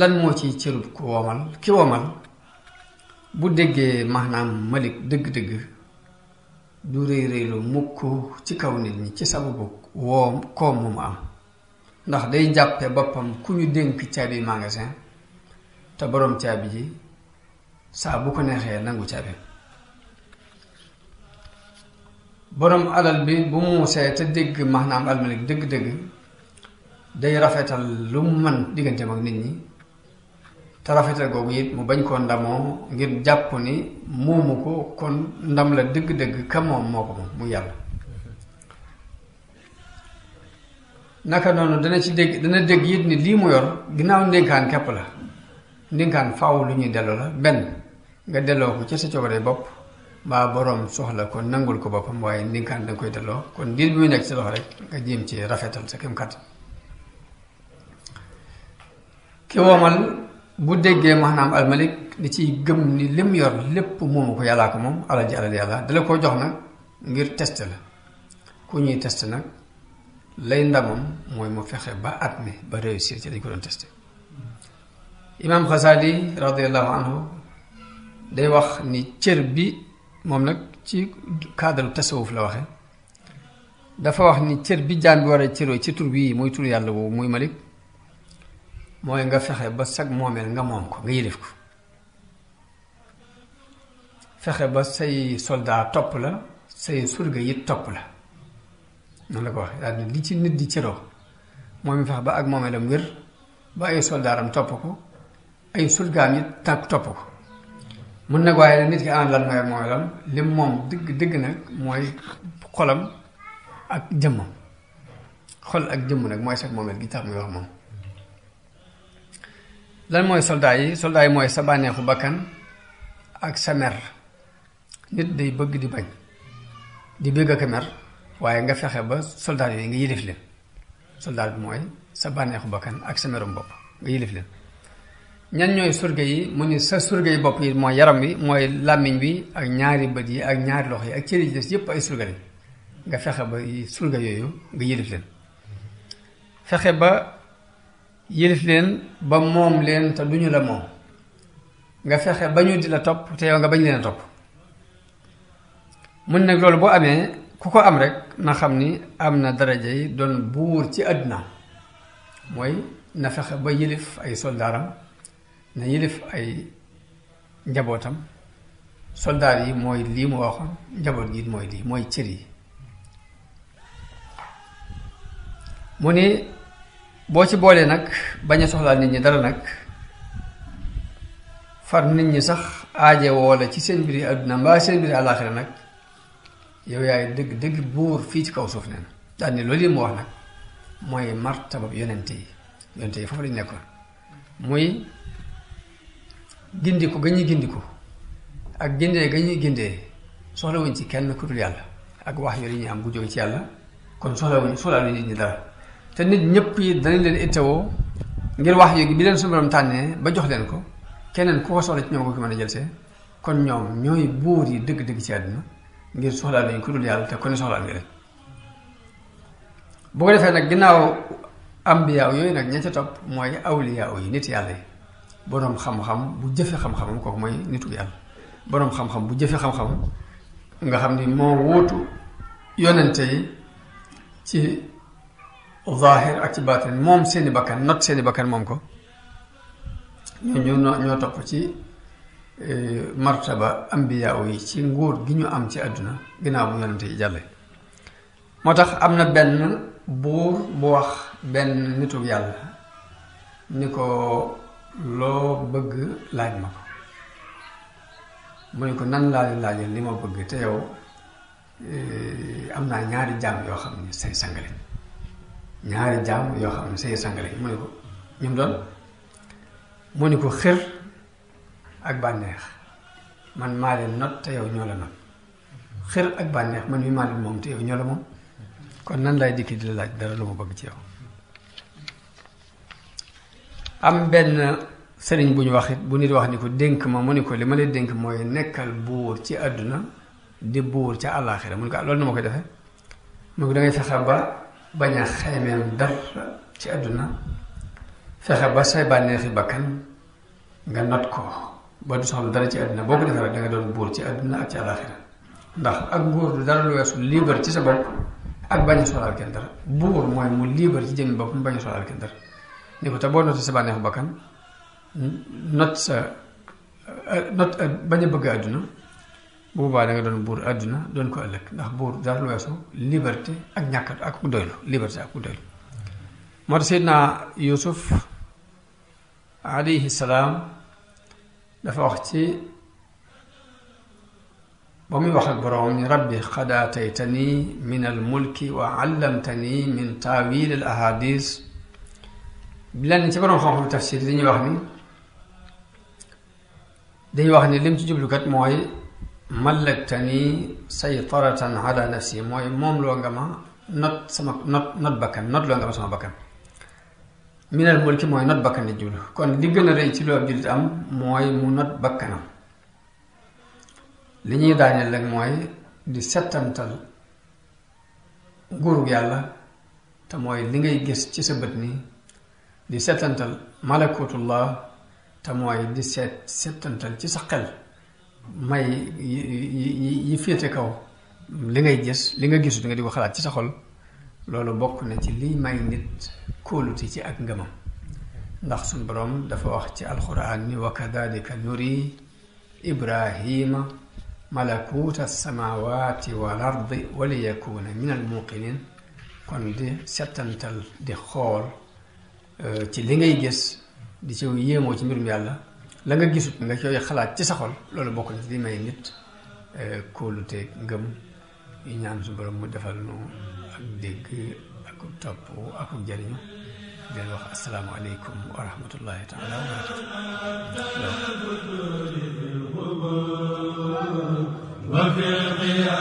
lan moo ci cërub ku womal ki womal bu déggee maanaam malik dëgg-dëgg du réy réylu mukk ci kaw nit ñi ci sababu woom koom mu am ndax day jàppe boppam ku ñu dénk caabi magasin te borom caabi ji saa bu ko neexee nangu caabi borom alal bi bu muusee te dégg maanaam almalik dëgg-dëgg day rafetal lu mu nit ñi te rafetal googu it mu bañ koo ndamoo ngir jàpp ni moomu ko kon ndam la dëgg-dëgg ka moo ko moom mu yàlla naka noonu dana ci dégg dana dëgg it ni lii mu yor ginnaaw ndénkaan kepp la ndénkaan faw lu ñuy delloo la benn nga delloo ko ca sa coobare bopp mbaa boroom soxla ko nangul ko boppam waaye ndénkaan danga koy delloo kon diir bi muy nekk ci loxo rek nga jéem ci rafetal sa kem kàttan ki womal bu déggee maanaam almalik da ciy gëm ni lim yor lépp moomu ko yàllaa ko moom alal ji alal yàlla dala koo jox nag ngir test la ku ñuy test nag lay ndamam mooy mu fexe ba at mi ba réussir ci dañ ko doon testé imaam Xasaali radiallahu anhu day wax ni cër bi moom nag ci cadre tasawuf la waxe dafa wax ni cër bi jaan bi war a cëroo ci tur bii muy tur yàlla woowu muy malik mooy nga fexe ba sag moomeel nga moom ko nga yilif ko fexe ba say soldat topp la say surga yi topp la noonu la ko wax daal li ci nit di cëroo moom mi fexe ba ak moomeelam wér ba ay soldaaram topp ko ay surgaam yi tànk topp ko mun na waaye nit ki an lan mooy moomeelam lim moom dëgg dëgg nag mooy xolam ak jëmmam xol ak jëmm nag mooy sag moomeel gi tax muy wax moom lan mooy soldat yi soldat yi mooy sa bànneexu bàkkan ak sa mer nit day bëgg di bañ di bëgg ak mer waaye nga fexe ba soldat yooyu nga yilif leen soldat bi mooy sa bànneexu bakkan ak sa merum bopp nga yilif leen ñan ñooy surga yi mu ni sa surga yi bopp yi mooy yaram wi mooy làmmiñ bi ak ñaari bët yi ak ñaari loxo yi ak cër yi des yépp ay surga lañ nga fexe ba surga yooyu nga yilif leen fexe ba yilif leen ba moom leen te duñu la moom nga fexe ba ñu di la topp te yow nga bañ leen a topp mun nag loolu bu amee ku ko am rek na xam ni am na daraja doon buur ci àdduna mooy na fexe ba yilif ay soldaaram na yilif ay njabootam soldaar yi mooy lii mu waxoon njaboot gi mooy lii mooy cër yi mu ni boo ci boolee nag bañ a soxlaal nit ñi dara nag far nit ñi sax aaje woola ci seen mbiri àdduna mbaa seen mbiri àllaaxira nag yow yaay dëgg dëgg buur fii ci kaw suuf ne daal ni loolu yi mu wax nag mooy martabab yonente yi yonente yi foofu lañu nekkoon muy ko ga ñuy gindi ko ak gindee ga ñuy gindee soxlawuñ ci kenn ku dul yàlla ak wax yooyu ñuy am bu jóge ci yàlla kon soxlawuñ soxlaaluñ nit ñi dara te nit ñëpp yi danañ leen ittewoo ngir wax yéegi bi leen suñu borom tànnee ba jox leen ko keneen ku ko soxla ci ñoom ko ki mën a jël kon ñoom ñooy buur yi dëgg-dëgg ci àdduna ngir soxlaa lañu ku dul yàlla te ku ne soxlaa nga leen bu ko defee nag ginnaaw am ambiyaaw yooyu nag ña ca topp mooy awliyaaw yi nit yàlla yi xam-xam bu jëfee xam-xamam mooy nitu boroom xam bu jëfe xam nga xam ni moo wóotu yonente ci zahir ak ci baatin moom seeni bakkan not seeni bakkan moom ko ñooñu ñoo topp ci e, martaba ambiyaaw yi ci nguur gi ñu am ci àdduna ginnaaw bu yonente yi jàlle moo tax am na benn buur bu wax benn nitu yàlla ni ko loo bëgg laaj ma ko mu ne ko nan laa leen laajal li ma bëgg te yow e, am naa ñaari jaam yoo xam ne say sangale ñaari jaam yoo xam ne say sàng lañ mu ne ko ñum doon mu ne ko xër ak bànneex man maa leen not te yow ñoo la not xër ak bànneex man mi maa leen moom te yow ñoo la moom kon nan lay dikk di la laaj dara lu ma bëgg ci yow am benn sëriñ bu ñu wax it bu nit wax ni ko dénk ma mu ne ko li ma lay dénk mooy nekkal buur ci àdduna di buur ca àllaaxira mu ne ko ah loolu nu ma koy defee mu ne ko dangay fexe ba bañ a xaymeem dara ci àdduna fexe ba say bànneexi bakkan nga not ko ba du soxla dara ci àdduna boo ko defee rek da nga doon buur ci àdduna ak ci àllaaxira ndax ak nguur du dara lu weesu liibar ci sa bopp ak bañ a soxlaal kenn dara buur mooy mu liibar ci jëmmi bopp mu bañ a soxlaal kenn dara ni ko te boo notee sa bànneexu bakkan not sa uh, not uh, bañ a bëgg àdduna boobaa da nga doon buur àdduna doon ko ëllëg ndax buur dara lu weesu liberté ak ñàkkat ak ku doylu liberté ak ku doylu moo tax seydna yusuf alayhi salaam dafa wax ci ba muy wax ak boroom ni rabbi qad aataytani min almulki wa allamtani min tawil al ahadis lenn ci borom xam-xam tafsir dañuy wax ni dañuy wax ni lim ci jublu kat mooy ملكتني سيطرة على نفسي موي موم لو غاما نوت سما نوت نوت بكن نوت لو غاما سما بكن من الملك موي نوت بكن نجول كون لي غن ري سي لو جولت ام موي مو نوت بكن لي ني داني لك موي دي ستامتال غورو يالا تا موي لي غاي غيس سي سا دي ستامتال ملكوت الله تا موي دي ست سي سا may yi yi féete kaw li ngay gis li nga gisu di nga di ko xalaat ci sa xol loolu bokk na ci liy may nit kóolute ci ak ngëmam ndax suñ boroom dafa wax ci alxuraan ni wa kadalika nuri ibrahima malakuta alsamawati wal ardi waliyakuna min al muqinin kon di settantal di xool eh, ci li ngay gis di ci yéemoo ci mbirum yàlla la nga gisut nag yooyu xalaat ci sa xol loolu bokk na ci di may nit kóolute ngëm yi ñaan su borom mu defal nu ak dégg ak topp ak jariñu di leen wax asalaamaaleykum wa rahmatullahi taala wa barakatuh